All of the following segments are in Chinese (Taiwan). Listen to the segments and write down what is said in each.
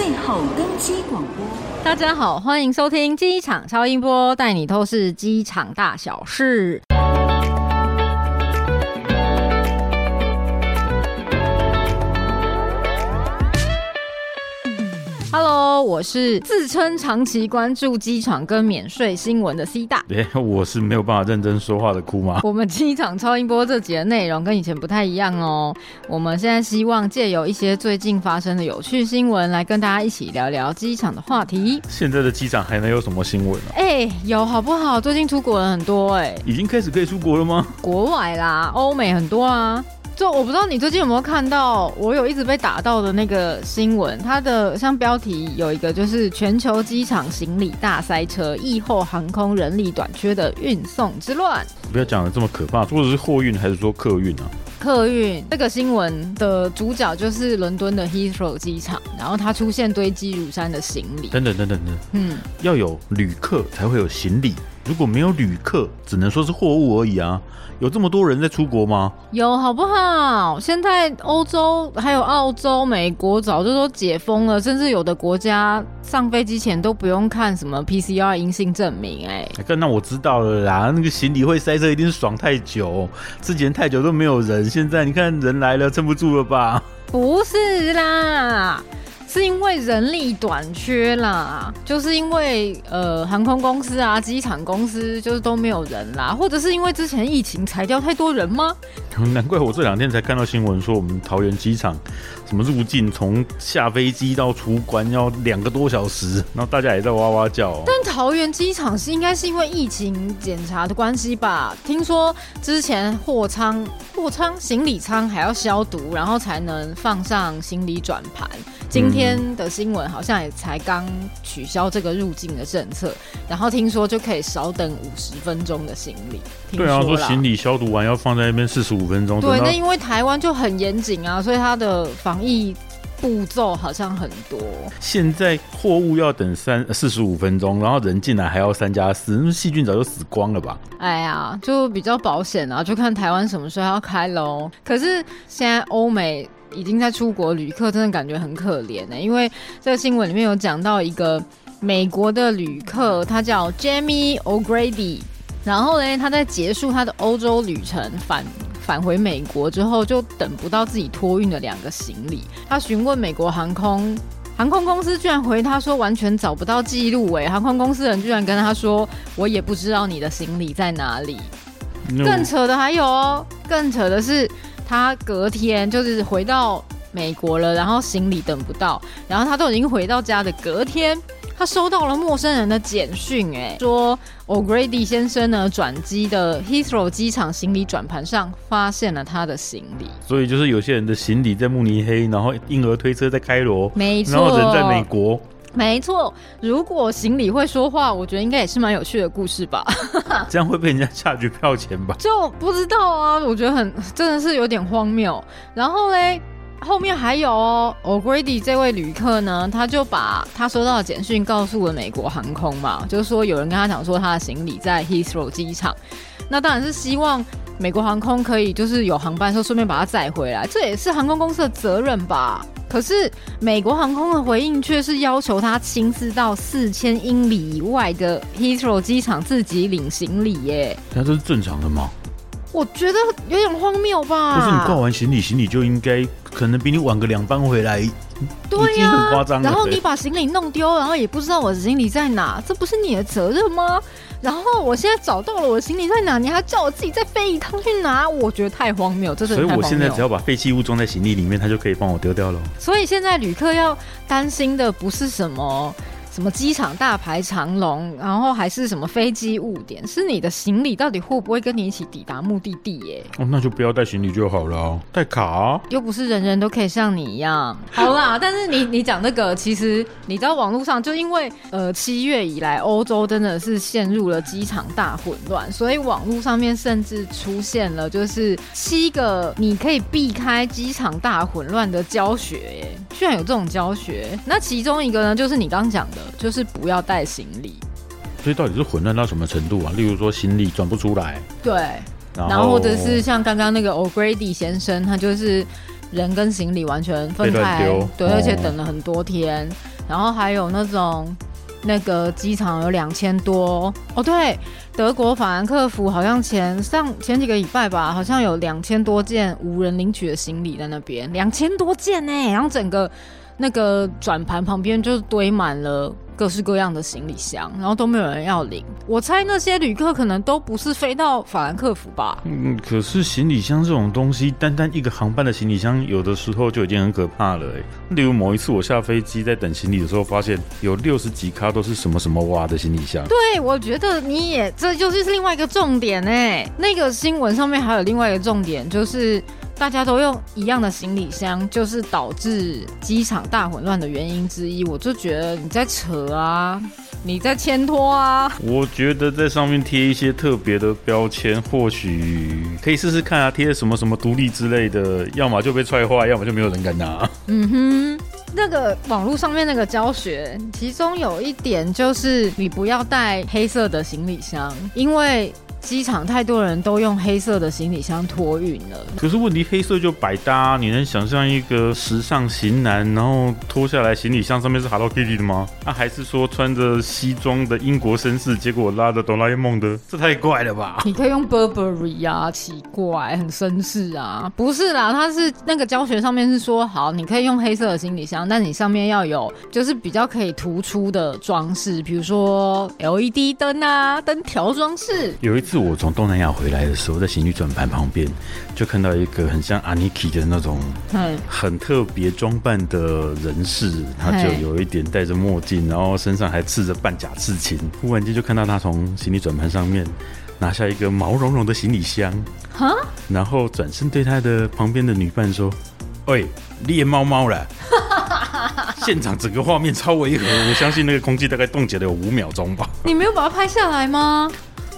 最後登機廣播，大家好，歡迎收聽機場超音波，帶你透視機場大小事。我是自稱長期關注機場跟免稅新聞的 C 大，哎，我是沒有辦法認真說話的哭嗎？我們機場超音波這集的內容跟以前不太一樣哦，我們現在希望借由一些最近發生的有趣新聞，來跟大家一起聊聊機場的話題。現在的機場還能有什麼新聞啊？哎，有好不好？最近出國了很多哎，已經開始可以出國了嗎？國外啦，歐美很多啊。就我不知道你最近有沒有看到，我有一直被打到的那個新聞，它的像標題有一個就是“全球機場行李大塞車，疫後航空人力短缺的運送之亂”。不要講得這麼可怕，說的是貨運還是說客運啊？客運這個新聞的主角就是倫敦的 Heathrow 機場，然後它出現堆積如山的行李。等等等等等，等等等等嗯，要有旅客才會有行李。如果沒有旅客，只能說是貨物而已啊！有這麼多人在出國嗎？有，好不好？現在歐洲還有澳洲、美國早就說解封了，甚至有的國家上飛機前都不用看什麼 PCR 陰性證明、欸。哎，那我知道了啦。那個行李會塞車，一定是爽太久，之前太久都沒有人。現在你看人來了，撐不住了吧？不是啦。是因為人力短缺啦，就是因為呃，航空公司啊，機場公司就是都沒有人啦，或者是因為之前疫情裁掉太多人嗎？難怪我這兩天才看到新聞說，我們桃園機場。什麼入境從下飛機到出關要兩個多小時，然後大家也在哇哇叫，喔。但桃園機場是應該是因為疫情檢查的關係吧？聽說之前貨艙、貨艙、行李艙還要消毒，然後才能放上行李轉盤。今天的新聞好像也才剛取消這個入境的政策，然後聽說就可以少等五十分鐘的行李。對啊，說，說行李消毒完要放在那邊四十五分鐘。對，到那因為台灣就很嚴謹啊，所以它的防。易步驟好像很多，現在貨物要等三四十五分鐘，然後人進來還要三加四，那細菌早就死光了吧？哎呀，就比較保險啊，就看台灣什麼時候要開嘍。可是現在歐美已經在出國旅客，真的感覺很可憐呢、欸。因為這個新聞裡面有講到一個美國的旅客，他叫 Jamie O'Grady，然後呢，他在結束他的歐洲旅程返。返回美國之後，就等不到自己托運的兩個行李。他詢問美國航空航空公司，居然回他說完全找不到記錄。誒，航空公司人居然跟他說，我也不知道你的行李在哪裡。No. 更扯的還有哦，更扯的是，他隔天就是回到美國了，然後行李等不到，然後他都已經回到家的隔天。他收到了陌生人的簡訊，哎，說 O'Grady 先生呢，轉機的 Heathrow 機場行李轉盤上發現了他的行李。所以就是有些人的行李在慕尼黑，然後嬰兒推車在開羅，沒錯錯，然後人在美國，沒錯。如果行李會說話，我覺得應該也是蠻有趣的故事吧？ 這樣會被人家下去票錢吧？就不知道啊，我覺得很真的是有點荒謬。然後嘞。後面還有哦，O'Grady 這位旅客呢，他就把他收到的簡訊告訴了美國航空嘛，就是說有人跟他講說他的行李在 Heathrow 機場，那當然是希望美國航空可以就是有航班的時候順便把他載回來，這也是航空公司的責任吧。可是美國航空的回應卻是要求他親自到四千英里以外的 Heathrow 機場自己領行李耶，那這是正常的嗎？我覺得有點荒謬吧。可是你掛完行李，行李就應該可能比你晚個兩班回來，對呀，很誇張。然後你把行李弄丟，然後也不知道我的行李在哪，這不是你的責任嗎？然後我現在找到了我的行李在哪，你還叫我自己再飛一趟去拿，我覺得太荒謬，真的。所以我現在只要把廢棄物裝在行李裡面，它就可以幫我丟掉了。所以現在旅客要擔心的不是什麼。什麼機場大排長龍，然後還是什麼飛機誤點，是你的行李到底會不會跟你一起抵達目的地，欸？耶？哦，那就不要帶行李就好了。哦，帶卡、啊、又不是人人都可以像你一樣。好啦， 但是你你講那個，其實你知道，網絡上就因為呃七月以來，歐洲真的是陷入了機場大混亂，所以網絡上面甚至出現了就是七個你可以避開機場大混亂的教學。欸，哎，居然有這種教學。那其中一個呢，就是你剛剛講的，就是不要帶行李，所以到底是混亂到什麼程度啊？例如說行李轉不出來，對，然後，然後或者是像剛剛那個 O'Grady 先生，他就是人跟行李完全分開，對，而且等了很多天。哦、然後還有那種那個機場有兩千多哦，對，德國法蘭克福好像前上前幾個禮拜吧，好像有兩千多件無人領取的行李在那邊，兩千多件呢、欸，然後整個。那個轉盤旁邊就是堆滿了各式各樣的行李箱，然後都沒有人要領。我猜那些旅客可能都不是飛到法蘭克福吧？嗯，可是行李箱這種東西，單單一個航班的行李箱，有的時候就已經很可怕了欸。例如某一次我下飛機在等行李的時候，發現有六十幾咖都是什麼什麼挖的行李箱。對，我覺得你也這就是另外一個重點欸。那個新聞上面還有另外一個重點就是。大家都用一樣的行李箱，就是導致機場大混亂的原因之一。我就覺得你在扯啊，你在牽拖啊。我覺得在上面貼一些特別的標籤，或許可以試試看啊，貼什麼什麼獨立之類的，要麼就被踹壞，要麼就沒有人敢拿。嗯哼，那個網絡上面那個教學，其中有一點就是你不要帶黑色的行李箱，因為。機場太多人都用黑色的行李箱託運了。可是問題，黑色就百搭啊，你能想象一個時尚型男，然後拖下來行李箱上面是 Hello Kitty 的嗎？那、啊、還是說穿着西裝的英國紳士，結果拉着哆啦 A 夢的？這太怪了吧！你可以用 Burberry 啊，奇怪，很紳士啊。不是啦，他是那個教學上面是說，好，你可以用黑色的行李箱，但你上面要有，就是比較可以突出的裝飾，比如說 LED 燈啊，燈條裝飾。有一次。我從東南亞回來的時候，在行李轉盤旁邊，就看到一個很像阿 k i 的那種，嗯，很特別裝扮的人士，他就有一點戴着墨鏡，然後身上還刺着半甲刺青。忽然間就看到他從行李轉盤上面拿下一個毛茸茸的行李箱，然後轉身對他的旁邊的女伴說：“喂，獵貓貓了。”現場整個畫面超違和，我相信那個空氣大概凍結了有五秒鐘吧。你沒有把它拍下來嗎？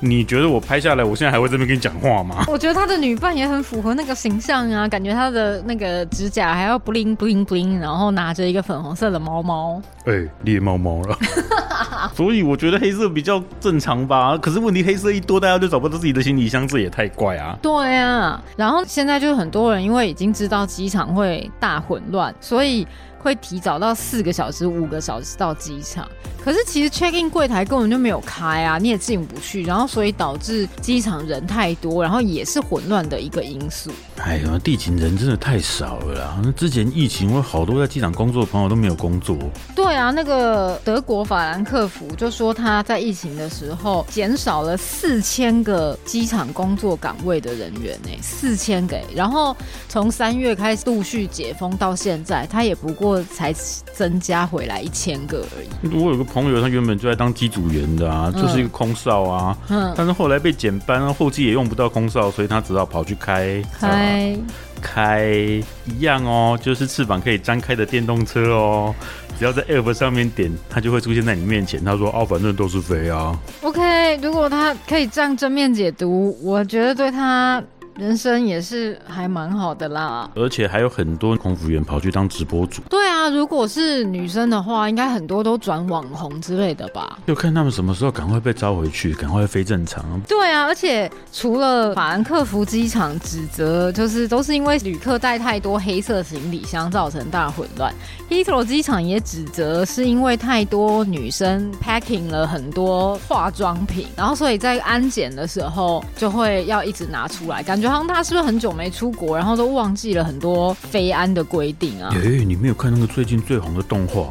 你覺得我拍下來，我現在還會在這邊跟你講話嗎？我覺得他的女伴也很符合那個形象啊，感覺他的那個指甲還要布 l 布 n 布 b 然後拿着一個粉紅色的貓貓，誒獵貓貓了。 所以我覺得黑色比較正常吧。可是問題黑色一多，大家就找不到自己的行李箱，這也太怪啊。對啊，然後現在就很多人因為已經知道機場會大混亂，所以。會提早到四個小時、五個小時到機場，可是其實 check in 櫃檯根本就沒有開啊，你也進不去，然後所以導致機場人太多，然後也是混亂的一個因素。哎呀，地勤人真的太少了啦，那之前疫情，我有好多在機場工作的朋友都沒有工作。對啊，那個德國法蘭克福就說他在疫情的時候減少了四千個機場工作崗位的人員呢、欸，四千個、欸，然後從三月開始陸續解封到現在，他也不過。才增加回來一千個而已。我有個朋友，他原本就在當機組員的啊，嗯、就是一個空少啊，嗯、但是後來被減班，後期也用不到空少，所以他只好跑去開開開，呃、開一樣哦，就是翅膀可以張開的電動車哦，只要在 App 上面點，他就會出現在你面前。他說：“哦，反正都是飛啊。” OK，如果他可以這樣正面解讀，我覺得對他。人生也是還蠻好的啦，而且還有很多空服員跑去當直播主。對啊，如果是女生的話，應該很多都轉網紅之類的吧？就看他們什麼時候趕快被招回去，趕快飛正常啊。對啊，而且除了法蘭克福機場指責，就是都是因為旅客帶太多黑色行李箱造成大混亂。Heathrow 機場也指責是因為太多女生 packing 了很多化妝品，然後所以在安檢的時候就會要一直拿出來，感覺。好像他是不是很久沒出國，然後都忘記了很多飛安的規定啊？哎、欸欸，你沒有看那個最近最紅的動畫，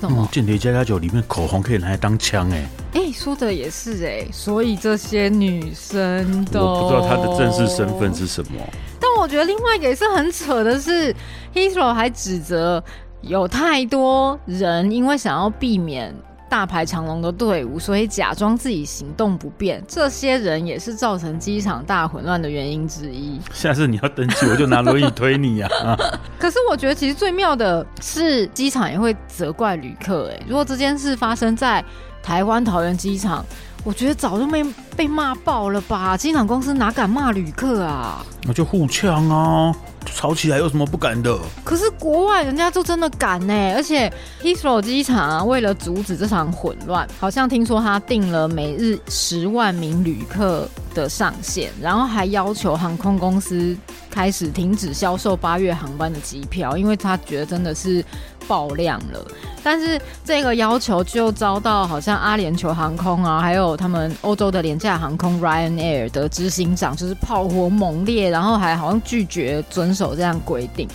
什麼《間諜家家酒》裡面口紅可以拿來當槍、欸？哎，哎，說的也是哎、欸，所以這些女生都我不知道她的正式身份是什麼。但我覺得另外一個也是很扯的是 ，Heathrow 還指責有太多人因為想要避免。大排長龍的隊伍，所以假裝自己行動不便，這些人也是造成機場大混亂的原因之一。下次你要登機，我就拿輪椅推你啊。 啊、可是我覺得其實最妙的是，機場也會責怪旅客、欸。如果這件事發生在台灣桃園機場，我覺得早就被被罵爆了吧！機場公司哪敢罵旅客啊？那就互嗆啊！吵起來有什麼不敢的？可是國外人家就真的敢呢、欸，而且 Heathrow 機場啊，為了阻止這場混亂，好像聽說他定了每日十萬名旅客的上限，然後還要求航空公司開始停止銷售八月航班的機票，因為他覺得真的是爆量了。但是這個要求就遭到好像阿聯酋航空啊，還有他們歐洲的廉價航空 Ryanair 的執行長，就是炮火猛烈，然後還好像拒絕遵守。遵守這樣規定，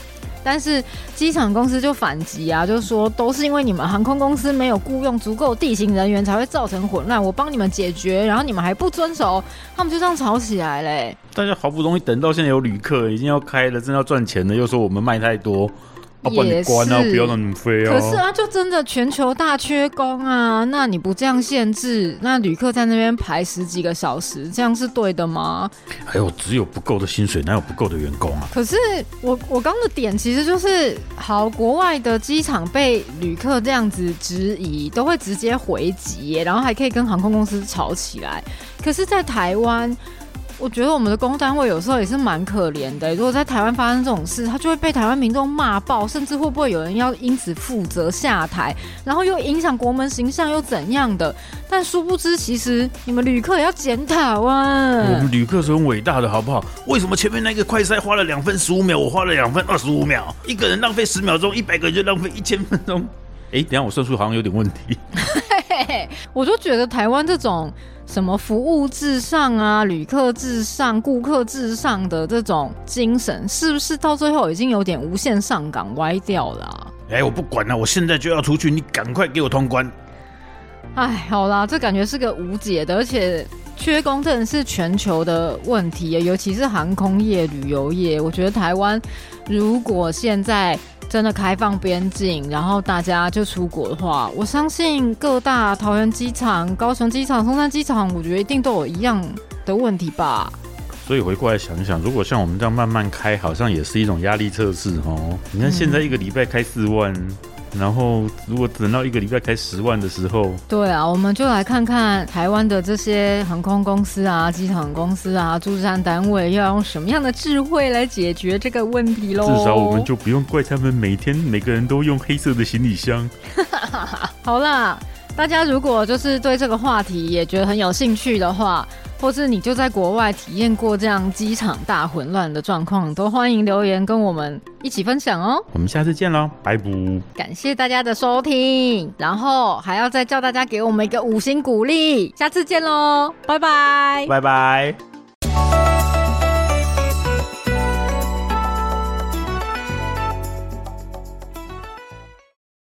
但是機場公司就反擊啊，就說都是因為你們航空公司沒有雇傭足夠地勤人員，才會造成混亂。我幫你們解決，然後你們還不遵守，他們就這樣吵起來嘞、欸。大家好不容易等到現在有旅客，已經要開了，正要賺錢了，又說我們賣太多。啊，把你關啊、也是，不要你飛哦、可是啊，就真的全球大缺工啊，那你不這樣限制，那旅客在那邊排十幾個小時，這樣是對的嗎？還有、哎，只有不夠的薪水，哪有不夠的員工啊？可是我我剛的點其實就是，好，國外的機場被旅客這樣子質疑，都會直接回擊，然後還可以跟航空公司吵起來。可是，在台灣。我覺得我們的公單位有時候也是蠻可憐的、欸。如果在台灣發生這種事，他就會被台灣民眾罵爆，甚至會不會有人要因此負責下台，然後又影響國門形象又怎樣的？但殊不知，其實你們旅客也要檢討啊。我們旅客是很偉大的，好不好？為什麼前面那個快篩花了兩分十五秒，我花了兩分二十五秒，一個人浪費十秒鐘，一百個人就浪費一千分鐘？哎、欸，等一下我算數好像有點問題。 我就覺得台灣這種。什麼服務至上啊，旅客至上、顧客至上的這種精神，是不是到最後已經有點無限上綱歪掉了啊？哎，我不管了啊，我現在就要出去，你趕快給我通關！哎，好啦，這感覺是個無解的，而且缺工真是全球的問題，尤其是航空業、旅遊業。我覺得台灣如果現在……真的開放邊境，然後大家就出國的話，我相信各大桃園機場、高雄機場、松山機場，我覺得一定都有一樣的問題吧。所以回過來想一想，如果像我們這樣慢慢開，好像也是一種壓力測試哦。你看現在一個禮拜開四萬。嗯然後，如果等到一個禮拜開十萬的時候，對啊，我們就來看看台灣的這些航空公司啊、機場公司啊、駐站單位要用什麼樣的智慧來解決這個問題咯。至少我們就不用怪他們每天每個人都用黑色的行李箱。 好啦，大家如果就是對這個話題也覺得很有興趣的話。或是你就在國外體驗過這樣機場大混亂的狀況，都歡迎留言跟我們一起分享哦。我們下次見嘍，拜拜。感謝大家的收聽，然後還要再叫大家給我們一個五星鼓勵。下次見嘍，拜拜，拜拜。